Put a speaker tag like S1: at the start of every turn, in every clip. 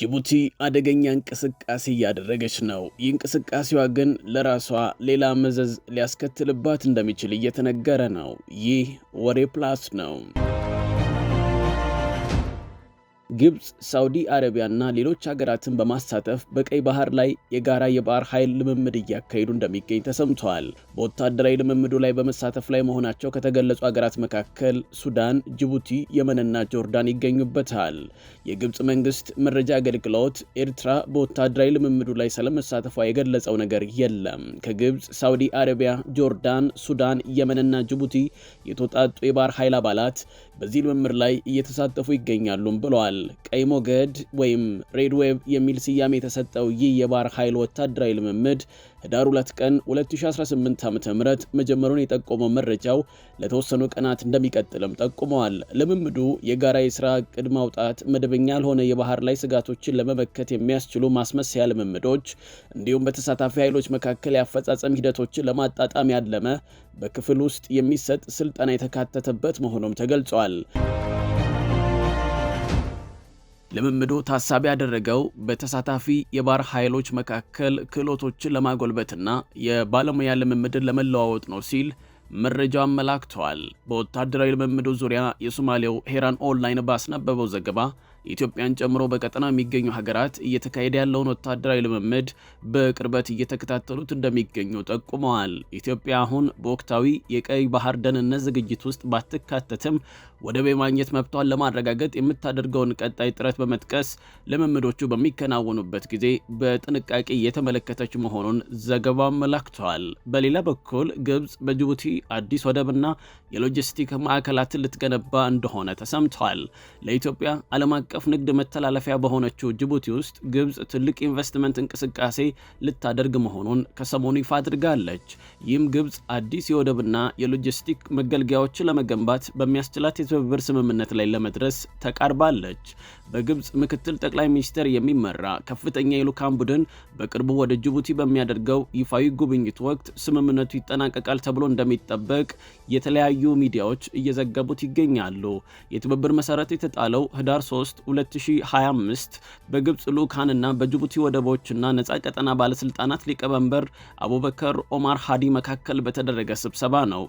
S1: ጅቡቲ አደገኛ እንቅስቃሴ እያደረገች ነው። ይህ እንቅስቃሴዋ ግን ለራሷ ሌላ መዘዝ ሊያስከትልባት እንደሚችል እየተነገረ ነው። ይህ ወሬ ፕላስ ነው። ግብፅ፣ ሳውዲ አረቢያና ሌሎች ሀገራትን በማሳተፍ በቀይ ባህር ላይ የጋራ የባህር ኃይል ልምምድ እያካሄዱ እንደሚገኝ ተሰምተዋል። በወታደራዊ ልምምዱ ላይ በመሳተፍ ላይ መሆናቸው ከተገለጹ ሀገራት መካከል ሱዳን፣ ጅቡቲ፣ የመንና ጆርዳን ይገኙበታል። የግብፅ መንግስት መረጃ አገልግሎት ኤርትራ በወታደራዊ ልምምዱ ላይ ስለመሳተፏ የገለጸው ነገር የለም። ከግብፅ፣ ሳውዲ አረቢያ፣ ጆርዳን፣ ሱዳን፣ የመንና ጅቡቲ የተውጣጡ የባህር ኃይል አባላት በዚህ ልምምድ ላይ እየተሳተፉ ይገኛሉም ብለዋል። ቀይ ሞገድ ወይም ሬድ ዌብ የሚል ስያሜ የተሰጠው ይህ የባህር ኃይል ወታደራዊ ልምምድ ህዳር 2 ቀን 2018 ዓ.ም መጀመሩን የጠቆመው መረጃው ለተወሰኑ ቀናት እንደሚቀጥልም ጠቁመዋል። ልምምዱ የጋራ የስራ እቅድ ማውጣት፣ መደበኛ ያልሆነ የባህር ላይ ስጋቶችን ለመመከት የሚያስችሉ ማስመሰያ ልምምዶች፣ እንዲሁም በተሳታፊ ኃይሎች መካከል የአፈጻጸም ሂደቶችን ለማጣጣም ያለመ በክፍል ውስጥ የሚሰጥ ስልጠና የተካተተበት መሆኑም ተገልጿል። ልምምዶ ታሳቢ ያደረገው በተሳታፊ የባህር ኃይሎች መካከል ክህሎቶችን ለማጎልበትና የባለሙያ ልምምድን ለመለዋወጥ ነው ሲል መረጃው አመላክተዋል። በወታደራዊ ልምምዶ ዙሪያ የሶማሌው ሄራን ኦንላይን ባስነበበው ዘገባ ኢትዮጵያን ጨምሮ በቀጠና የሚገኙ ሀገራት እየተካሄደ ያለውን ወታደራዊ ልምምድ በቅርበት እየተከታተሉት እንደሚገኙ ጠቁመዋል። ኢትዮጵያ አሁን በወቅታዊ የቀይ ባህር ደህንነት ዝግጅት ውስጥ ባትካተትም ወደብ የማግኘት መብቷን ለማረጋገጥ የምታደርገውን ቀጣይ ጥረት በመጥቀስ ልምምዶቹ በሚከናወኑበት ጊዜ በጥንቃቄ እየተመለከተች መሆኑን ዘገባ አመላክተዋል። በሌላ በኩል ግብጽ በጅቡቲ አዲስ ወደብና የሎጂስቲክ ማዕከላትን ልትገነባ እንደሆነ ተሰምተዋል። ለኢትዮጵያ ዓለም አቀፍ ንግድ መተላለፊያ በሆነችው ጅቡቲ ውስጥ ግብፅ ትልቅ ኢንቨስትመንት እንቅስቃሴ ልታደርግ መሆኑን ከሰሞኑ ይፋ አድርጋለች። ይህም ግብፅ አዲስ የወደብና የሎጂስቲክ መገልገያዎችን ለመገንባት በሚያስችላት የትብብር ስምምነት ላይ ለመድረስ ተቃርባለች። በግብፅ ምክትል ጠቅላይ ሚኒስትር የሚመራ ከፍተኛ የልዑካን ቡድን በቅርቡ ወደ ጅቡቲ በሚያደርገው ይፋዊ ጉብኝት ወቅት ስምምነቱ ይጠናቀቃል ተብሎ እንደሚ እንደሚጠበቅ የተለያዩ ሚዲያዎች እየዘገቡት ይገኛሉ። የትብብር መሰረት የተጣለው ህዳር 3 2025 በግብፅ ልዑካንና በጅቡቲ ወደቦችና ነጻ ቀጠና ባለስልጣናት ሊቀመንበር አቡበከር ኦማር ሃዲ መካከል በተደረገ ስብሰባ ነው።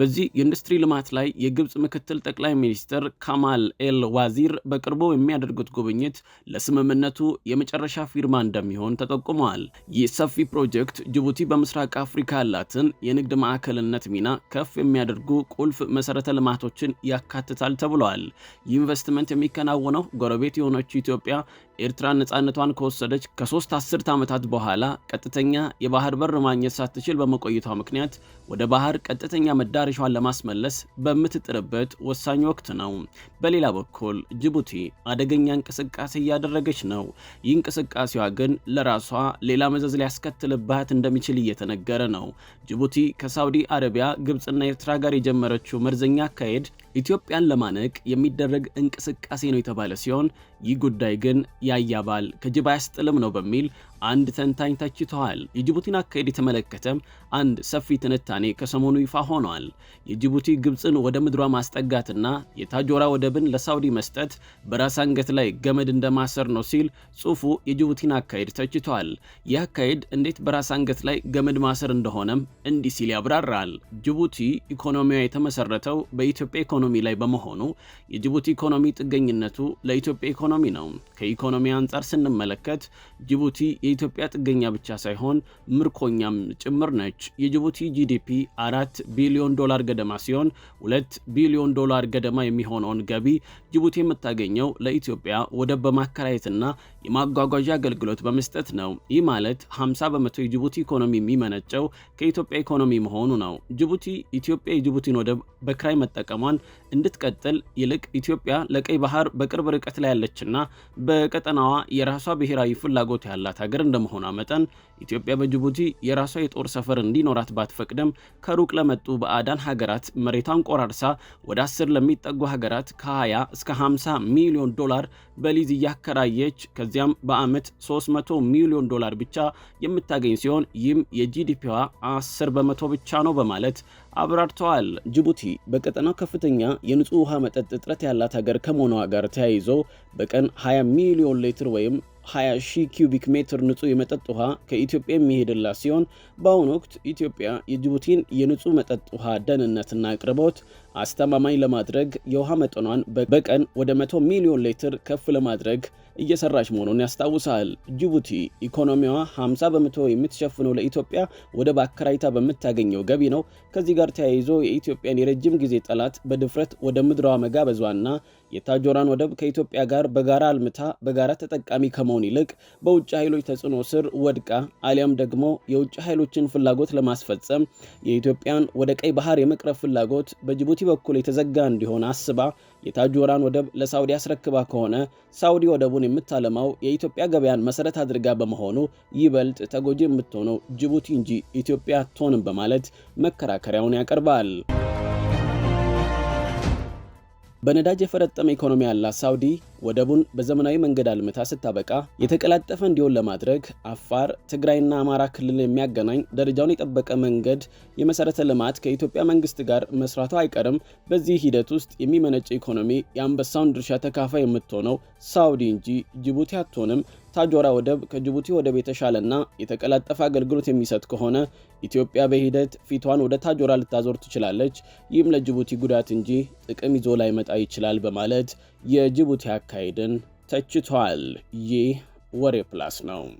S1: በዚህ የኢንዱስትሪ ልማት ላይ የግብፅ ምክትል ጠቅላይ ሚኒስትር ካማል ኤል ዋዚር በቅርቡ የሚያደርጉት ጉብኝት ለስምምነቱ የመጨረሻ ፊርማ እንደሚሆን ተጠቁመዋል። ይህ ሰፊ ፕሮጀክት ጅቡቲ በምስራቅ አፍሪካ ያላትን የንግድ ማዕከልነት ሚና ከፍ የሚያደርጉ ቁልፍ መሰረተ ልማቶችን ያካትታል ተብለዋል። ይህ ኢንቨስትመንት የሚከናወነው ጎረቤት የሆነች ኢትዮጵያ ኤርትራ ነፃነቷን ከወሰደች ከሶስት አስርት ዓመታት በኋላ ቀጥተኛ የባህር በር ማግኘት ሳትችል በመቆየቷ ምክንያት ወደ ባህር ቀጥተኛ መዳረሻዋን ለማስመለስ በምትጥርበት ወሳኝ ወቅት ነው። በሌላ በኩል ጅቡቲ አደገኛ እንቅስቃሴ እያደረገች ነው። ይህ እንቅስቃሴዋ ግን ለራሷ ሌላ መዘዝ ሊያስከትልባት እንደሚችል እየተነገረ ነው። ጅቡቲ ከሳውዲ አረቢያ፣ ግብፅና ኤርትራ ጋር የጀመረችው መርዘኛ አካሄድ ኢትዮጵያን ለማነቅ የሚደረግ እንቅስቃሴ ነው የተባለ ሲሆን ይህ ጉዳይ ግን ያያባል ከጅብ አያስጥልም ነው በሚል አንድ ተንታኝ ተችተዋል። የጅቡቲን አካሄድ የተመለከተ አንድ ሰፊ ትንታኔ ከሰሞኑ ይፋ ሆኗል። የጅቡቲ ግብፅን ወደ ምድሯ ማስጠጋትና የታጆራ ወደብን ለሳውዲ መስጠት በራስ አንገት ላይ ገመድ እንደማሰር ነው ሲል ጽሑፉ የጅቡቲን አካሄድ ተችቷል። ይህ አካሄድ እንዴት በራስ አንገት ላይ ገመድ ማሰር እንደሆነም እንዲህ ሲል ያብራራል። ጅቡቲ ኢኮኖሚዋ የተመሰረተው በኢትዮጵያ ኢኮኖሚ ላይ በመሆኑ የጅቡቲ ኢኮኖሚ ጥገኝነቱ ለኢትዮጵያ ኢኮኖሚ ነው። ከኢኮኖሚ አንጻር ስንመለከት ጅቡቲ የኢትዮጵያ ጥገኛ ብቻ ሳይሆን ምርኮኛም ጭምር ነች። የጅቡቲ ጂዲፒ አራት ቢሊዮን ዶላር ገደማ ሲሆን ሁለት ቢሊዮን ዶላር ገደማ የሚሆነውን ገቢ ጅቡቲ የምታገኘው ለኢትዮጵያ ወደብ በማከራየትና የማጓጓዣ አገልግሎት በመስጠት ነው። ይህ ማለት 50 በመቶ የጅቡቲ ኢኮኖሚ የሚመነጨው ከኢትዮጵያ ኢኮኖሚ መሆኑ ነው። ጅቡቲ ኢትዮጵያ የጅቡቲን ወደብ በክራይ መጠቀሟን እንድትቀጥል ይልቅ ኢትዮጵያ ለቀይ ባህር በቅርብ ርቀት ላይ ያለችና በቀጠናዋ የራሷ ብሔራዊ ፍላጎት ያላት ሀገር እንደመሆኗ መጠን ኢትዮጵያ በጅቡቲ የራሷ የጦር ሰፈር እንዲኖራት ባትፈቅድም ከሩቅ ለመጡ በአዳን ሀገራት መሬቷን ቆራርሳ ወደ አስር ለሚጠጉ ሀገራት ከ20 እስከ 50 ሚሊዮን ዶላር በሊዝ እያከራየች ከዚ ከዚያም በዓመት 300 ሚሊዮን ዶላር ብቻ የምታገኝ ሲሆን ይህም የጂዲፒዋ 10 በመቶ ብቻ ነው በማለት አብራርተዋል። ጅቡቲ በቀጠናው ከፍተኛ የንጹህ ውሃ መጠጥ እጥረት ያላት ሀገር ከመሆኗ ጋር ተያይዞ በቀን 20 ሚሊዮን ሊትር ወይም 20 ሺህ ኪዩቢክ ሜትር ንጹህ የመጠጥ ውሃ ከኢትዮጵያ የሚሄድላት ሲሆን በአሁኑ ወቅት ኢትዮጵያ የጅቡቲን የንጹህ መጠጥ ውሃ ደህንነትና አቅርቦት አስተማማኝ ለማድረግ የውሃ መጠኗን በቀን ወደ 100 ሚሊዮን ሊትር ከፍ ለማድረግ እየሰራች መሆኑን ያስታውሳል። ጅቡቲ ኢኮኖሚዋ 50 በመቶ የምትሸፍነው ለኢትዮጵያ ወደብ አከራይታ በምታገኘው ገቢ ነው። ከዚህ ጋር ተያይዞ የኢትዮጵያን የረጅም ጊዜ ጠላት በድፍረት ወደ ምድሯ መጋበዟና የታጆራን ወደብ ከኢትዮጵያ ጋር በጋራ አልምታ በጋራ ተጠቃሚ ከመሆን ይልቅ በውጭ ኃይሎች ተጽዕኖ ስር ወድቃ አሊያም ደግሞ የውጭ ኃይሎችን ፍላጎት ለማስፈጸም የኢትዮጵያን ወደ ቀይ ባህር የመቅረብ ፍላጎት በጅቡቲ በኩል የተዘጋ እንዲሆን አስባ የታጆራን ወደብ ለሳውዲ አስረክባ ከሆነ ሳውዲ ወደቡን የምታለማው የኢትዮጵያ ገበያን መሰረት አድርጋ በመሆኑ ይበልጥ ተጎጂ የምትሆነው ጅቡቲ እንጂ ኢትዮጵያ አትሆንም በማለት መከራከሪያውን ያቀርባል። በነዳጅ የፈረጠመ ኢኮኖሚ ያላት ሳውዲ ወደቡን በዘመናዊ መንገድ አልምታ ስታበቃ የተቀላጠፈ እንዲሆን ለማድረግ አፋር፣ ትግራይና አማራ ክልል የሚያገናኝ ደረጃውን የጠበቀ መንገድ የመሰረተ ልማት ከኢትዮጵያ መንግስት ጋር መስራቷ አይቀርም። በዚህ ሂደት ውስጥ የሚመነጭ ኢኮኖሚ የአንበሳውን ድርሻ ተካፋይ የምትሆነው ሳውዲ እንጂ ጅቡቲ አትሆንም። ታጆራ ወደብ ከጅቡቲ ወደብ የተሻለና የተቀላጠፈ አገልግሎት የሚሰጥ ከሆነ ኢትዮጵያ በሂደት ፊቷን ወደ ታጆራ ልታዞር ትችላለች። ይህም ለጅቡቲ ጉዳት እንጂ ጥቅም ይዞ ላይመጣ ይችላል በማለት የጅቡቲ አካሄድን ተችቷል። ይህ ወሬ ፕላስ ነው።